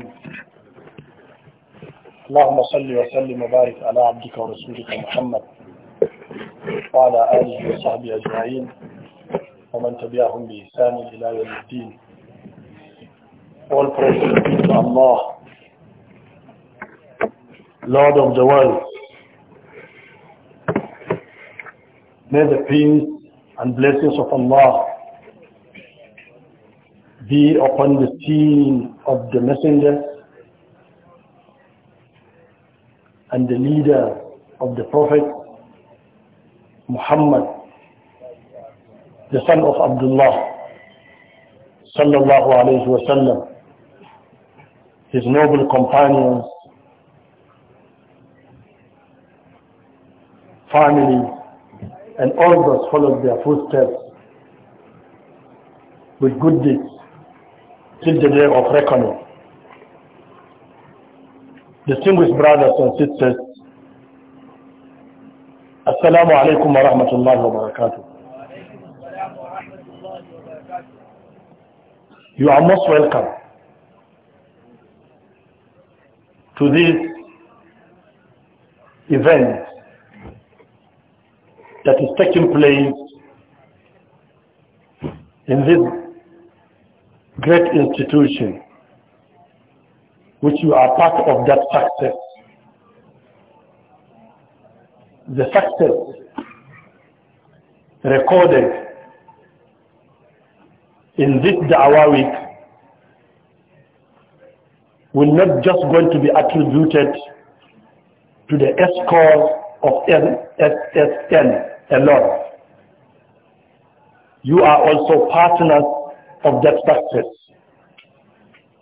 العظيم اللهم صل وسلم وبارك على عبدك ورسولك محمد وعلى آله وصحبه أجمعين ومن تبعهم بإحسان إلى يوم الدين والبروفيت الله Lord of the world May the peace and blessings of Allah be upon the scene of the messenger and the leader of the Prophet Muhammad, the son of Abdullah, sallallahu alayhi wasallam, his noble companions, family, and all those followed their footsteps with good deeds till the day of reckoning. Distinguished brothers and sisters, Assalamu alaikum wa rahmatullahi wa barakatuh. You are most welcome to this event that is taking place in this great institution which you are part of that success. The success recorded in this Da'wah week will not just going to be attributed to the S of SSN alone. You are also partners of that success.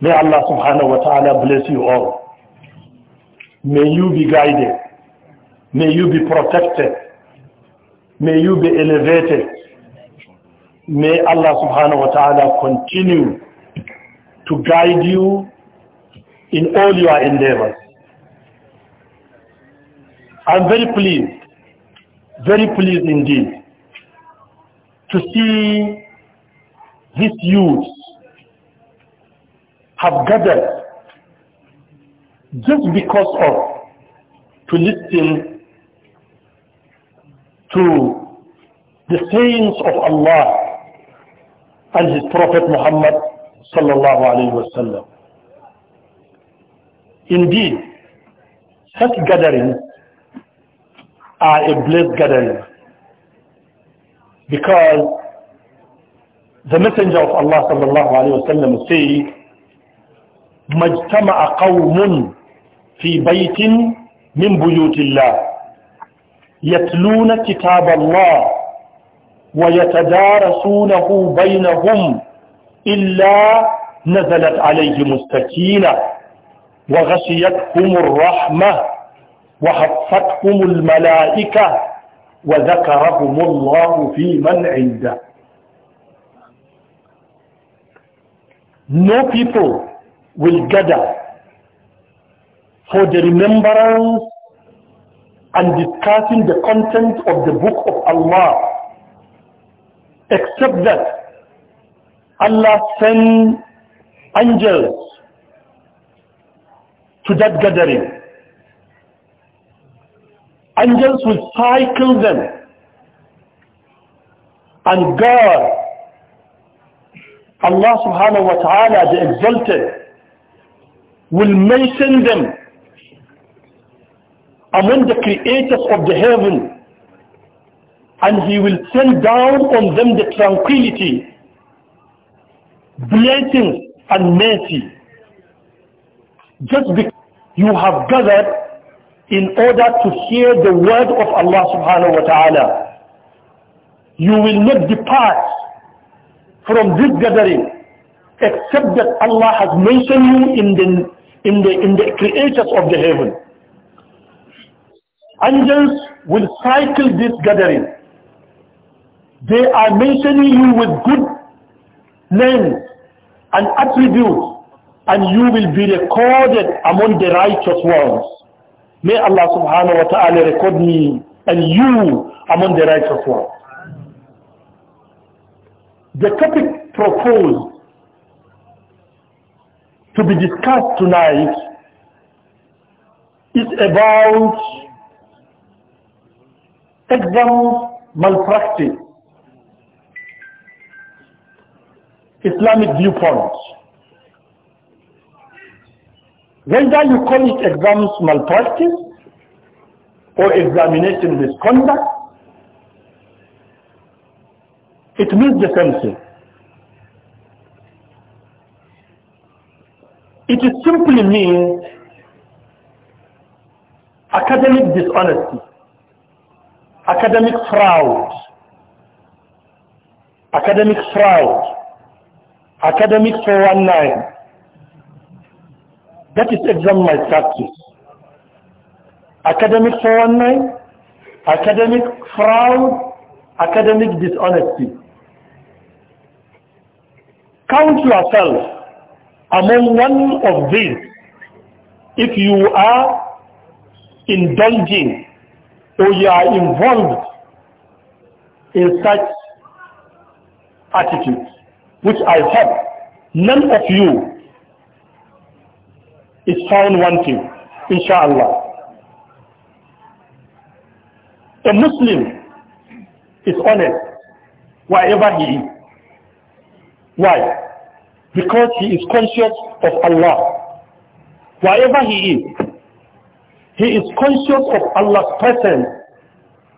May Allah subhanahu wa ta'ala bless you all. May you be guided. May you be protected. May you be elevated. May Allah subhanahu wa ta'ala continue to guide you in all your endeavors. I'm very pleased, very pleased indeed to see these youths have gathered just because of to listen to the sayings of Allah and His Prophet Muhammad sallallahu alaihi wasallam. Indeed, such gatherings are a blessed gathering because the messenger of Allah sallallahu alayhi wasallam say majtama'a qawmun fi baytin min buyutillah yatluna kitab Allah wa yatadarasunahu bainahum illa نزلت عليهم السكينة وغشيتهم الرحمة وحفتهم الملائكة وذكرهم الله في من عنده no people will gather for the remembrance and discussing the content of the book of Allah except that Allah send angels to that gathering. Angels will cycle them and God Allah subhanahu wa ta'ala, the exalted, will mention them among the creators of the heaven and he will send down on them the tranquility, blessings and mercy. Just because you have gathered in order to hear the word of Allah subhanahu wa ta'ala. You will not depart from this gathering except that Allah has mentioned you in the, in the, in the creators of the heaven. Angels will cycle this gathering. They are mentioning you with good names and attributes and you will be recorded among the righteous ones. May Allah subhanahu wa ta'ala record me and you among the righteous ones. The topic proposed to be discussed tonight is about exam malpractice, Islamic viewpoint. Whether you call it exams malpractice or examination misconduct it means the same thing. It simply means academic dishonesty, academic fraud, academic fraud, academic 419. That is exam malpractice. Academic 419, academic fraud, academic dishonesty. Count yourself among one of these if you are indulging or you are involved in such attitudes, which I hope none of you is found wanting, inshallah. A Muslim is honest wherever he is. Why? Because he is conscious of Allah. Wherever he is, he is conscious of Allah's presence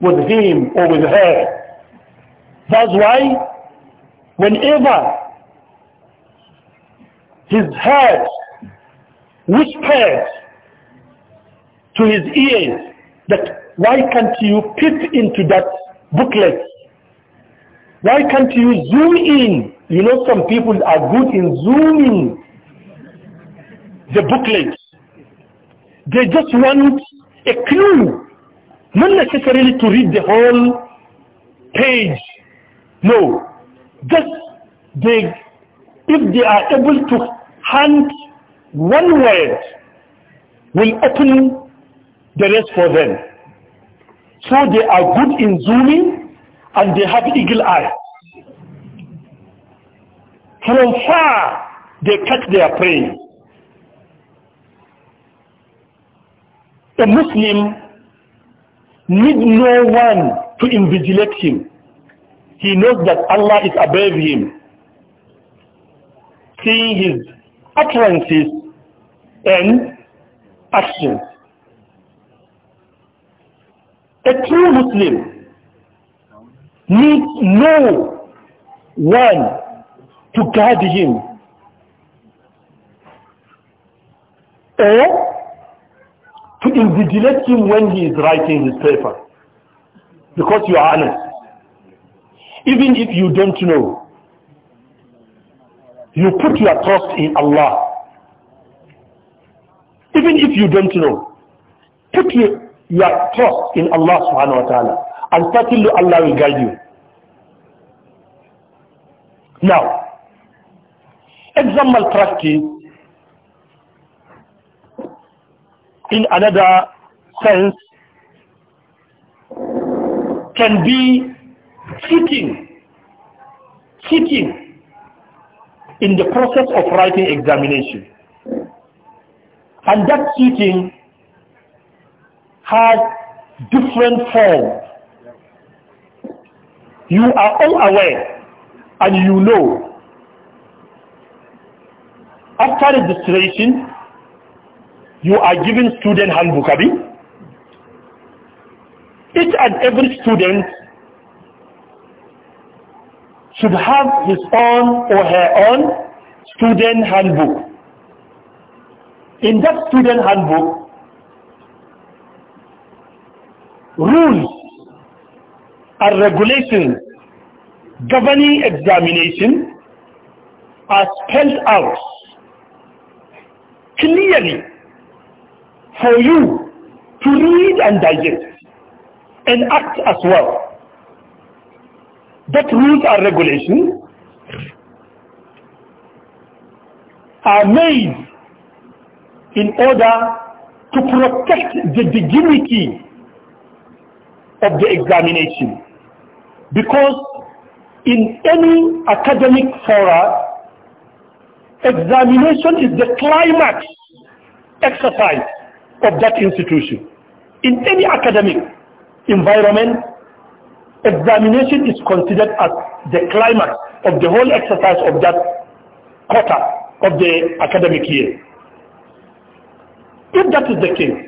with him or with her. That's why whenever his head whispers to his ears that why can't you peep into that booklet? Why can't you zoom in you know some people are good in zooming the booklet. They just want a clue, not necessarily to read the whole page. No, just they, if they are able to hunt one word, will open the rest for them. So they are good in zooming and they have eagle eye. From far, they catch their prey. A Muslim need no one to invigilate him. He knows that Allah is above him. Seeing his utterances and actions. A true Muslim needs no one to guide him. Or to invigilate him when he is writing his paper. Because you are honest. Even if you don't know, you put your trust in Allah. Even if you don't know, put your, your trust in Allah subhanahu wa ta'ala. And certainly Allah will guide you. Now, exam practice in another sense can be cheating, cheating in the process of writing examination. And that cheating has different forms. You are all aware and you know after registration, you are given student handbook, Abi. Each and every student should have his own or her own student handbook. In that student handbook, rules and regulations governing examination are spelled out clearly for you to read and digest and act as well. That rules and regulations are made in order to protect the dignity of the examination. Because in any academic fora, Examination is the climax exercise of that institution. In any academic environment, examination is considered as the climax of the whole exercise of that quarter of the academic year. If that is the case,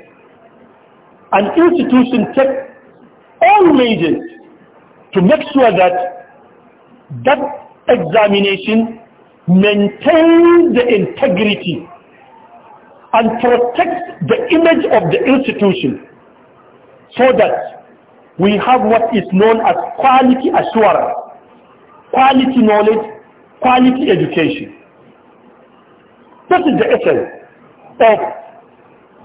an institution takes all measures to make sure that that examination Maintain the integrity and protect the image of the institution so that we have what is known as quality assurance, quality knowledge, quality education. That is the essence of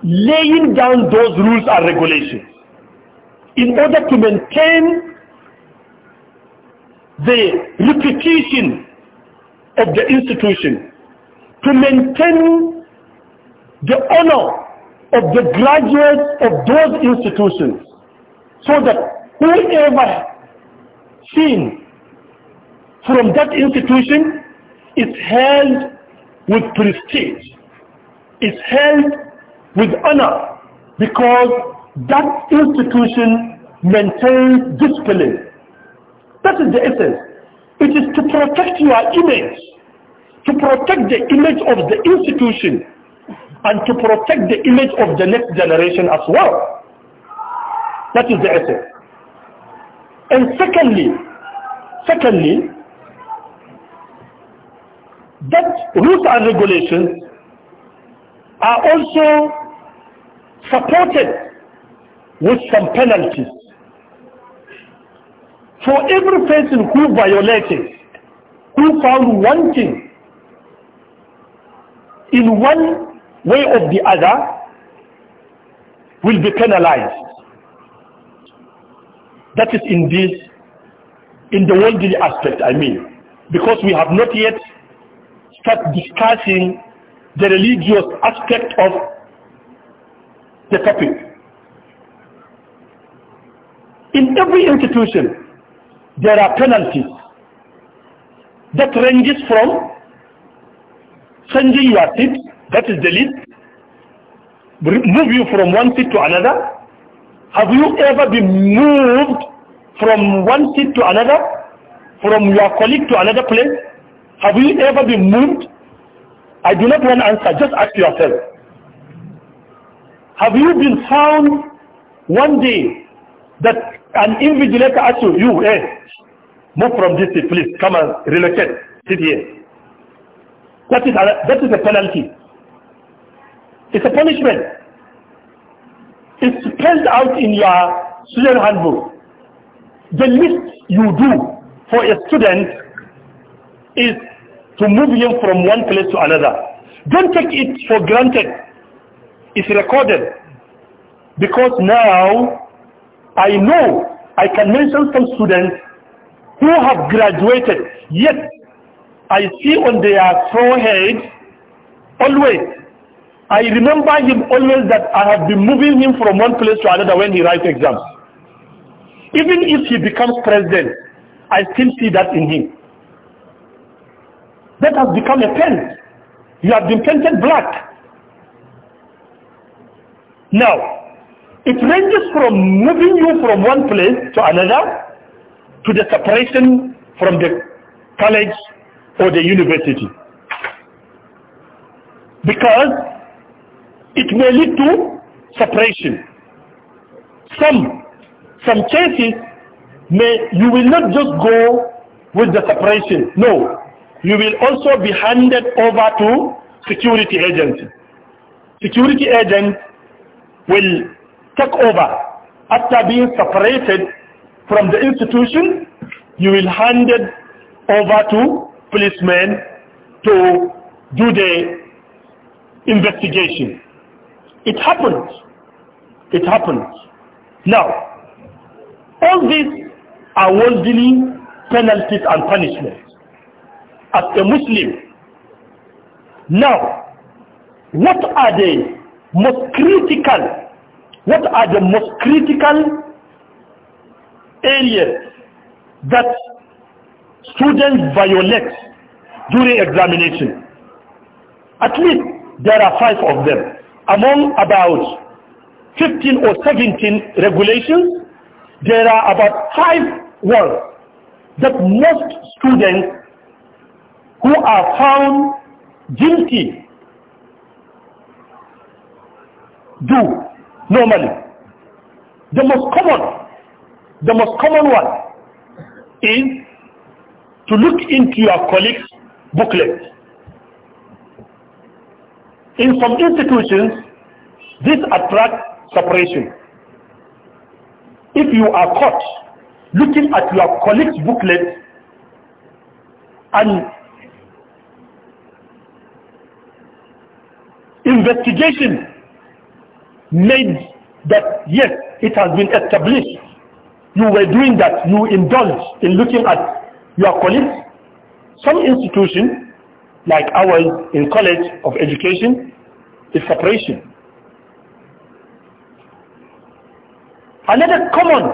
laying down those rules and regulations in order to maintain the reputation of the institution to maintain the honor of the graduates of those institutions so that whoever seen from that institution is held with prestige, is held with honor because that institution maintains discipline. That is the essence. It is to protect your image, to protect the image of the institution, and to protect the image of the next generation as well. That is the essence. And secondly, secondly, that rules and regulations are also supported with some penalties so every person who violated, who found wanting in one way or the other, will be penalized. That is in this, in the worldly aspect, I mean, because we have not yet started discussing the religious aspect of the topic. In every institution, there are penalties that ranges from changing your seat, that is the least, move you from one seat to another. Have you ever been moved from one seat to another, from your colleague to another place? Have you ever been moved? I do not want answer, just ask yourself. Have you been found one day that an invigilator asks you, you, eh, hey, move from this seat, please, come and relocate, sit here. That is, a, that is a penalty. It's a punishment. It's spelled out in your student handbook. The least you do for a student is to move him from one place to another. Don't take it for granted. It's recorded. Because now I know I can mention some students who have graduated, yet I see on their forehead always. I remember him always that I have been moving him from one place to another when he writes exams. Even if he becomes president, I still see that in him. That has become a pen. You have been painted black. Now, it ranges from moving you from one place to another to the separation from the college or the university. Because it may lead to separation. Some, some cases may, you will not just go with the separation. No, you will also be handed over to security agents. Security agents will take over. After being separated from the institution, you will hand it over to policemen to do the investigation. It happens. It happens. Now, all these are worldly penalties and punishments. As a Muslim, now, what are the most critical what are the most critical areas that students violate during examination? At least there are five of them among about 15 or 17 regulations, there are about five words that most students who are found guilty do. normally. The most common, the most common one is to look into your colleague's booklet. In some institutions, this attracts separation. If you are caught looking at your colleague's booklet and investigation made that yes, it has been established. You were doing that. You indulge in looking at your colleagues. Some institution, like ours in College of Education, is separation. Another common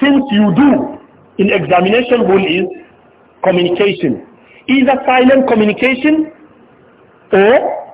things you do in examination rule is communication. Either silent communication or